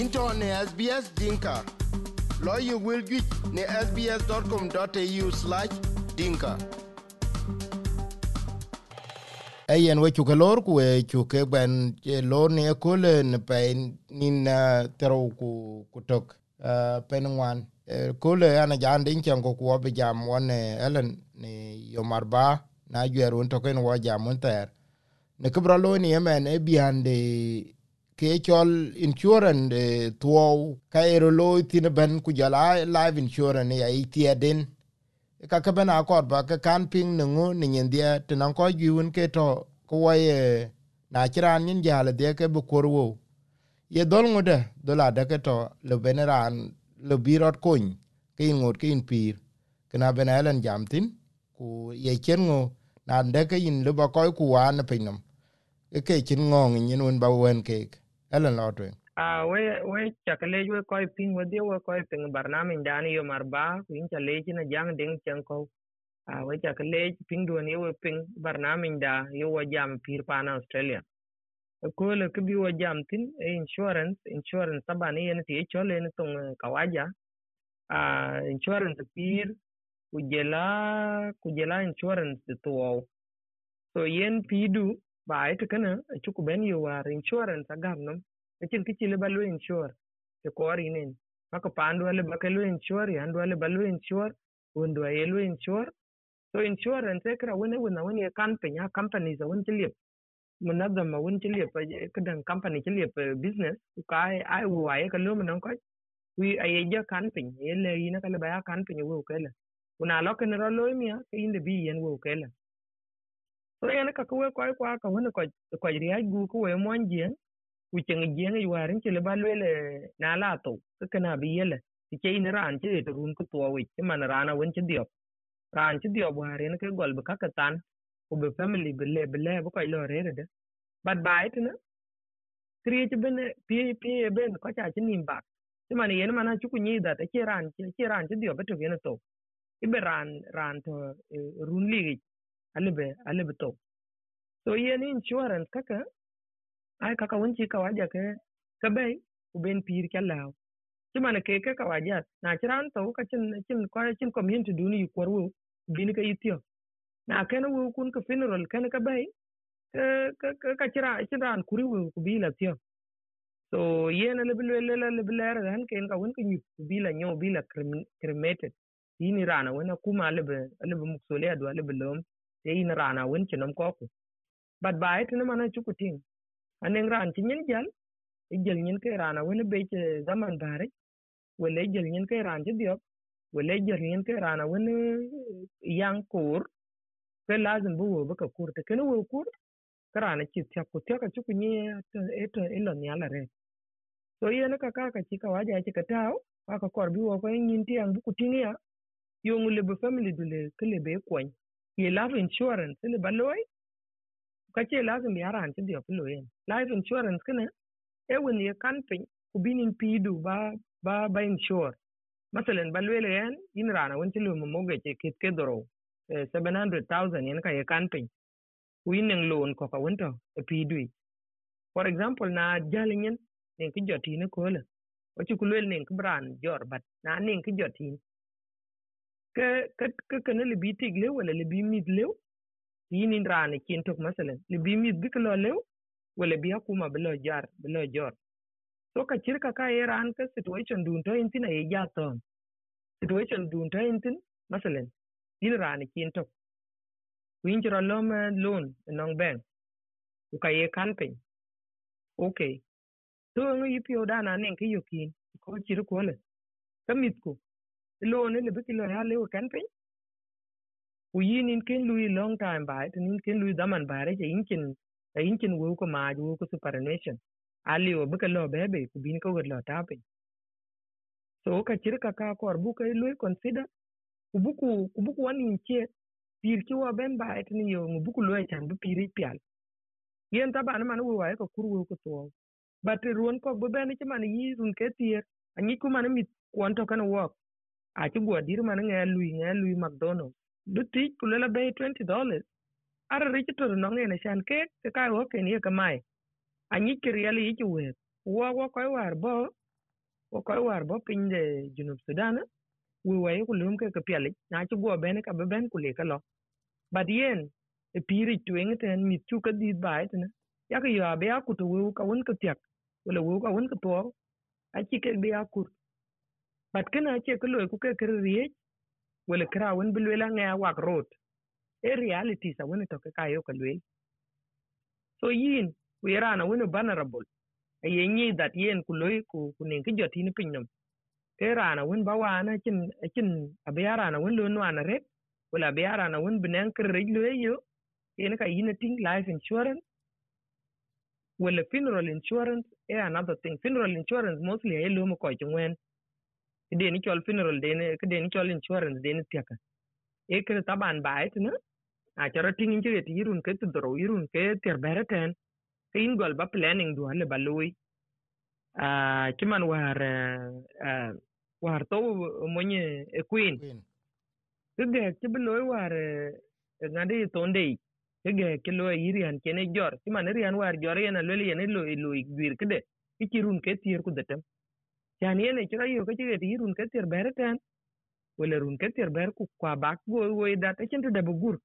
into ne SBS Dinka. Lawyer will get ne sbs.com.au slash dinka. Ayen we chuke lor ku we chuke ben eh, lor ne kule eh, ne pe nin tero ku kutok eh, pen ngwan. Kule ana jan din chen ko ku obi jam wane Ellen ne yomarba na jweru ntoken wa jam unter. Ne kibra lo ni emen e biande ke chol insurance de tuo ka ero loy tin ben ku jala live insurance ya itia den ka ka ben akor ba ka kan ping nungu ni nyendia tinan ko giun ke to ko waye na chiran nyin jala de ke bu korwo ye dol ngode dola de ke to le beneran le birot kun ke ngot ke in pir kana benalen jamtin ku ye chengo na de ke in le ba ko ku wan pinam ke chin ngong nyin un ba wen kek Ellen Lauder. a ah, we we chakle we koy pin we de ah, we koy pin barnamin dani yo marba pin chale chine jang ding chanko a we chakle pin do ne we pin barnamin da yo we jam pir pan australia ko le kbi we jam tin e insurance insurance tabani en ti e chole en tong eh, kawaja a ah, insurance pir kujela kujela insurance to so yen pidu ba a ita kana a ciku ban yi wa rinciwaran ta gam nan a cin kici liba loyin ciwar ta kori ne maka fa an duwa liba kai loyin ciwar ya an duwa liba loyin ciwar wanda wa yi loyin ciwar so in ciwar ran sai kira wani wani wani kamfani ya kamfani za wani tilye muna zama wani tilye fa kudan kamfani tilye fa business ka ai ai wa ya kallo mun kai wi ai ya kamfani ya le yi na kallo ba ya kamfani wo kai la kuna lokin ro loyin ya kai inda bi yan wo kai ene ka kuwe kwa kwa ka wona kwa kwa jiri ha gu kuwe monje ku chenga jenga yuarin chile balwele na lato kana biyele ke ina ran che to run ku to we che man rana won che dio ran che dio buharin ke gol ba ka tan ku be family be le be le ko lo re re de bad bait na kriye che ben pi pi ben ko cha che nim ba che man yen man chu ku ni da te che ran che che ran che dio be to gene to ibe ran ran to e, run ligi alibe alibe to so ye ni insurance kaka ai kaka wunci ka waja ke ka bai uben pir kala cimana ke ke ka waja na kiran to ka cin cin kwa cin community duni yi kwarwo bin ka yitiyo na kana wo kun ka funeral kana ka bai ka ka kira kiran kuri wo ku bi la tiyo so yena le bile le le bile ra han ken ka won kun ku bi la nyo bi la cremated yini rana wana kuma le le muksole adwa le lom yin rana wun chinom koku bad bae tini mana chuku ting aneng ran chi nyin jal ijel nyin ke rana wun be che zaman bari wala ijel nyin ke ran chi diop wala ijel nyin ke rana wun yang kur ke lazim bu wo bu ka kur te kene wo kur karana chi tya ku tya ka chuku nyi eto ilo nyala re so yene ka ka ka chi ka waja chi ka tao ka ka kor bi wo ko nyin tiang bu ku tingia yong le bu family dule ke le be kwany มีลาฟอินชัวรันส์เลยบัลลอยก็เชื่อลาฟมีอะไรอันที่เดียวเป็นลอยลาฟอินชัวรันส์คือเนี่ยเอวันนี้คันเป็นคุบินินพีดูบ้าบ้าบ้าอินชัวร์มาสั่งบัลลอยเลยนี่อินร้านวันที่ลุ่มมุกเกจคิดเกิดรู้เออ e e seven hundred thousand ยังไงคันเป็นวินเงินลุ่มก็เขาวันที่พีดู e for example น่าจะเลี้ยงนี่คือจอดทีนึกเอาเลยว่าชุกลุ่มเลี้ยงคือแบรนด์จอดบัตรน่าเนี่ยคือจอดที่ kana le bi tig lew wala le bi mid lew ni rana kin tok masalan le bi mid bik lo lew wala bi hakuma bilo jar bilo jor so ka cirka ka ye ran ka situation dun to tin ye ja ton situation dun to intin masalan yin rana kin tok win jiro lom loan ben u ka ye kan pe okay to ngi pio dana nen ki yokin ko cirko le kamit ko lo ne le bikin lo ya le o kan pin u yi nin ken lu long time ba it nin ken lu zaman ba re yin kin a yin kin wo ko ma ju ko super nation a le o bikin lo bebe ku bin ko gud lo ta pin so ka kirka ka ko ar bu ka lu consider u buku u buku wan yin che pir ki wo ben ba it ni yo mu buku lo e chan bu pir i pial yen ta ba ne man wo wa ko kur wo ko to ba te ruon ko bu ben ni che man yi run ke tier anyi ku man mi kwanto kan wo acugu adir mane ng'e alui ng'e alui mcdonald du tic ku lel abei twenty dollars ara richtoto nong'ene shan kek kekae woken ye kemae anyic ke riel yic wer wo woko iwar bo woko iwar bo piny de junub sudan wi wa ye ku lum ke kepialic nacugu abene ka beben ku lieke lo bat yen e piric tueng' ten mitcu kedhith ba etene yakeyo abe akut owew kawon ketiak wele wew kawon ketuor acike bi akut bat kena che ke loy ku ke kir riech wala kra wen bi loy la ngaya wak rot e reality sa wen to ke ka yo so yin we rana wen vulnerable a e ye nyi that yen ku ku ku ne ke joti ni pinnom ke rana wen ba wana chin e chin abi rana wen lo no ana rep wala bi rana wen binen kir rej loy yo yen ka yin ting life insurance wala funeral insurance e another thing funeral insurance mostly ay lo mo ko deni kyol funeral deni ke deni kyol insurance deni tiaka e eh, ke taban bait na a ah, chara tingin chire ti irun ke tu dro irun ke ter beraten kan. ah, ah, eh, ke in gol ba planning du hale baloi a kiman war eh, a war to moñe e queen ke ge ke bloi war ngade tonde ke ge ke lo irian kene jor kiman irian war jor yena lo yena lo lo gwir ke de ke tirun ke tir ku detem yani yene chira yo ke chire ti ke tir berten wala run ke tir ber ku kwa bak go wo da ta chen da bugur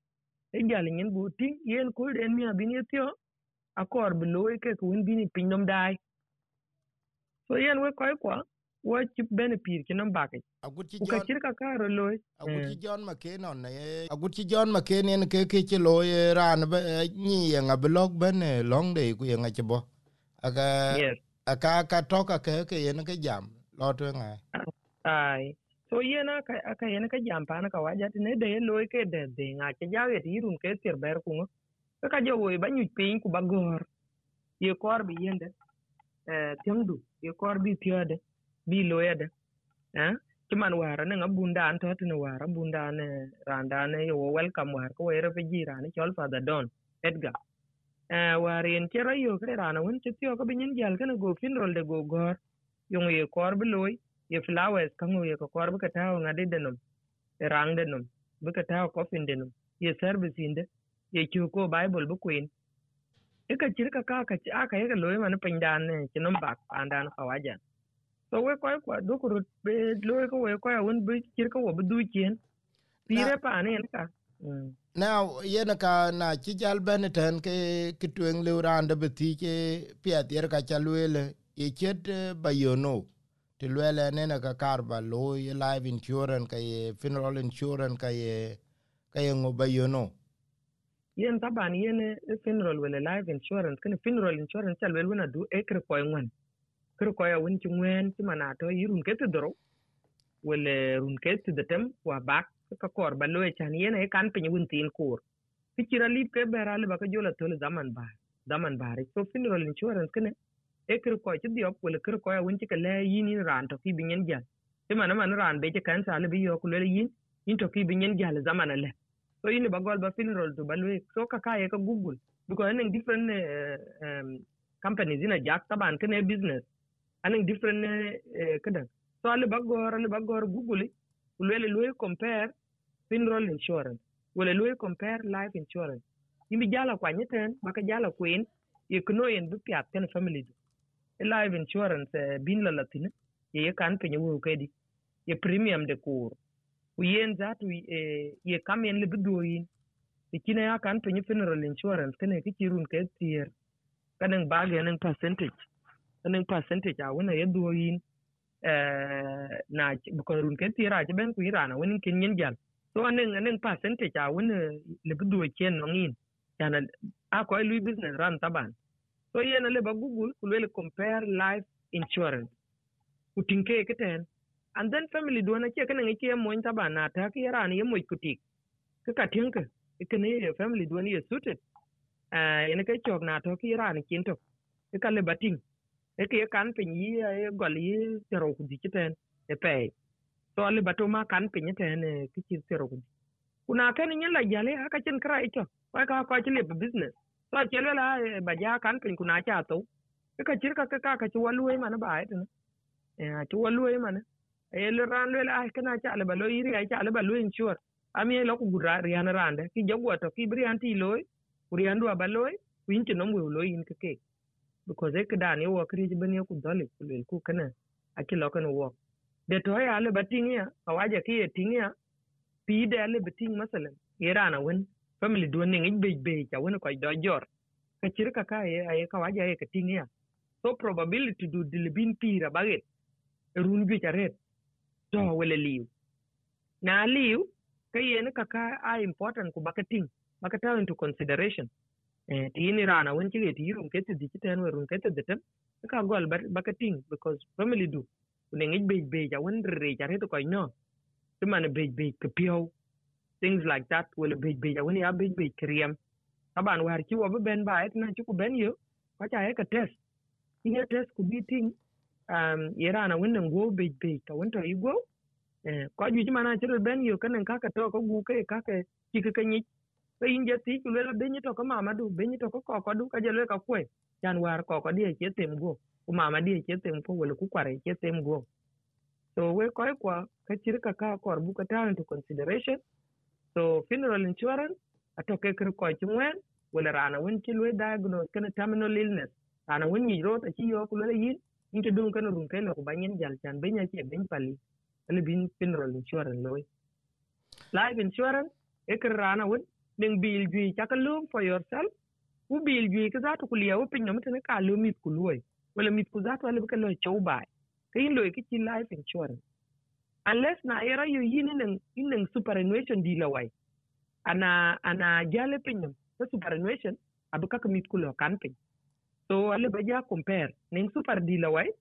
e gal nyen bu ting yen ko den mi abin yetio akor bi loy ke ku un bini pin dai so yen we koy kwa wo ci ben pir ki nom bak agut ci jon ka ka ro loy agut ci jon ma ke non ne agut ci jon ma ke nen ke ke ci loy ran ni ye ngablok ben long de ku ye ngachbo aga yes ka ka toka ke ke yen ke jam lo to nga ai so yena ka ka yen ke jam pa na ka waja ne de lo ke de de nga ke ja ye ti rum ke tir ber ku ka ka jo we ba nyu pin ku ba gor ye kor bi yende eh tiendu ye kor bi tiode bi lo yede eh kiman wara ne nga bunda an to tene wara bunda ne randa ne yo welcome war ko were pe jira ne chol father don edgar warin ci rayo kre rana won ci tiyo ko binyin jal kana go funeral de go gor yung ye kor bloy ye flowers kango ye ko kor ka tawo ngade denom rang denom bu ka tawo ko fin denom ye service inde ye ci ko bible bu queen ika ci ka ka ka ci aka ye ka loy man pindan ne ci nom bak andan kawajan so we koy ko do ko be loy ko we koy won bu ci ko wo bu du cien pire pa ne ka Mm. now yen ka na ci jal ben ten ke kitweng le rande beti ke pia tier ka chalwele ye chet eh, bayono ti lwele nene ka karba lo ye life insurance ka ye funeral insurance ka ye ka ye ngo bayono yen taban yen eh, funeral wele life insurance kene funeral insurance chalwele wena du ekre ko ngwan kre ko ya won ci ngwen ci manato yirun ke ti doro wele run ke ti detem wa bak ka kor ba loe chan yene he kan pinyi wun tin kur ki chira lip ke bera liba ka jola tole zaman bar zaman bar so funeral insurance kene e kir ko chi diop wala kir ko ya wun chi ka yin in ran to ki binyen jal ti mana man ran be chi kan sa bi yo ku le yin to ki binyen jal zaman ale so yin ba gol ba funeral to ba loe so ka ka ye ka google because enen different uh, um, companies ina jak taban kene business anen different uh, eh, eh, kadan so ali bagor ali bagor google Ulwele lwe compare funeral insurance. Wele lwe compare life insurance. Yimbi jala kwa nyeten, baka jala kwen, yekno yen bupi apten family du. E life insurance eh, bin la latin, ye ye kan penye wu kedi. Ye premium de kuru. Uyen zatu eh, ye kam yen libi duoyin. Ikine e ya kan penye funeral insurance, kene kichirun ke tiyer. Kaneng bagi yaneng percentage. Kaneng percentage awena ye duoyin. na bukarun ke tira ke ben kuira na wani kin yin jan so anen anen percentage a wani le budu ke nongin yana ako lui business ran taban so yana le ba google ku le compare life insurance kutinke ke ten and then family do na ke kana ke mo in taban na ta ke ran ye mo kutik ke ka tinka ke ne family do ni suited eh yana ke chok na to ke ran kin to ke ka le bating e ke kan piny yi gol yi terok ji ki ten e pe to ali batu ma kan piny ten e ki ci terok ji kuna ten ni la jale ha ka chen krai cho wa ka ka chi lip business so chi le la ba ja kan piny kuna cha to e ka chi ka ka ka chi wa luwe man ba et e a chi wa luwe man e le ran le la ka na cha le ba lo yi ri ga cha le ba lu in chu a mi lo ku gu ra ri an ran de ki jo go to ki bri an ti loy uri an du ba loy win chi no mu loy in ke ke because ek dan yo wakri ben yo dali kulil ku kana akilo kana wo de to ya le batin ya awaje ki tin ya pi de le batin masalan irana wen family do ne ngi be be ja wen ko do jor ka chirka ka ye ay ka waje ay ka tin ya so probability do bin pira baget run bi jaret to wele liu na liu ka ye ne ka ka important ku bakatin bakata into consideration Eh, tini rana wen chige ti rum kete di ti ten rum kete de tem ka gol ba ting because family do ne ngi be be ja wen re ja re to ko no ti man be be ke pio things like that will be be ja wen ya be be kriem taban war chi wo ben ba et na chi ben yo ka cha e ka test ti ne test ku bi ting um ye rana wen ne go be be ka wen to i go ko ju chi mana chi ben yo ka nan ka ka to ko gu ke ka ke chi ke ni piny jatich lwelo binyi to kamama du binyi to kokoko du ka jalwe ka kwe januar koko di eche tem go umama di eche tem ko wole kukware eche tem go so we koi kwa ka chiri ka ka kwa rubuka tawe into consideration so funeral insurance atoke kiri kwa chumwen wole rana wen ki lwe diagnose kena terminal illness rana wen ngi rota chi yoku lwele yin nito dung kena runke lwe kubanyen jal chan binyi eche binyi pali wole bin funeral insurance lwe life insurance ekir rana wen deng bil jui chaka lung for yourself u bil jui ka zatu kulia u pinyo mutene ka lu mit ku luoi wala mit ku zatu wala ka lo chou bai ka yin loy ka chi life insurance unless na era yo yin e neng yin neng superannuation di la wai e. ana ana jale pinyo ka superannuation abu ka mit ku lo kan pin so wala ja compare neng super di la wai e,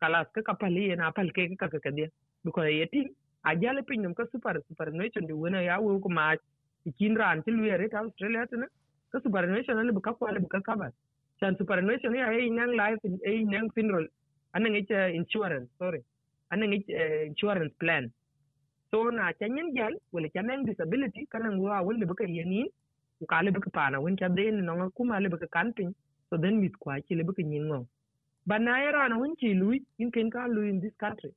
kalas ka kapali na pal ke ka ka ka dia because yetin ajale pinyo ka super superannuation di wona ya wo ku ma ikinra anti luyere ta australia tana ka superannuation ale buka kwale buka kabar chan superannuation ya ay eh, nang life ay eh, nang funeral anang ich insurance sorry anang ich eh, insurance plan so na chanyen gel wala chanang disability kanang wa wala buka yenin ukale buka pana wen chadeni nang kuma ale buka camping so then mit kwa ki le buka nyingo banayera na wunchi lui in kenka lui in this country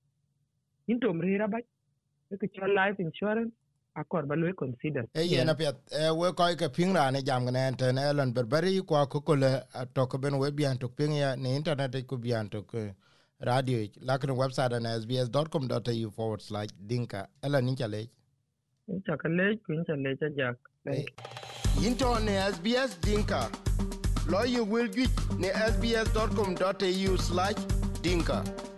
in tomrira ba ka chan life insurance akor ba lwe consider e ye na e we ko ke ping ne jam ne te ne lon berberi ko ko ko le eh, to ko ben we bian to ping ya ne internet ko bian to ko eh, radio la ko website na sbs.com.au forward slash dinka ela ni chale incha kale incha le cha jak eh, into ne sbs dinka lawyer will get ne sbs.com.au slash dinka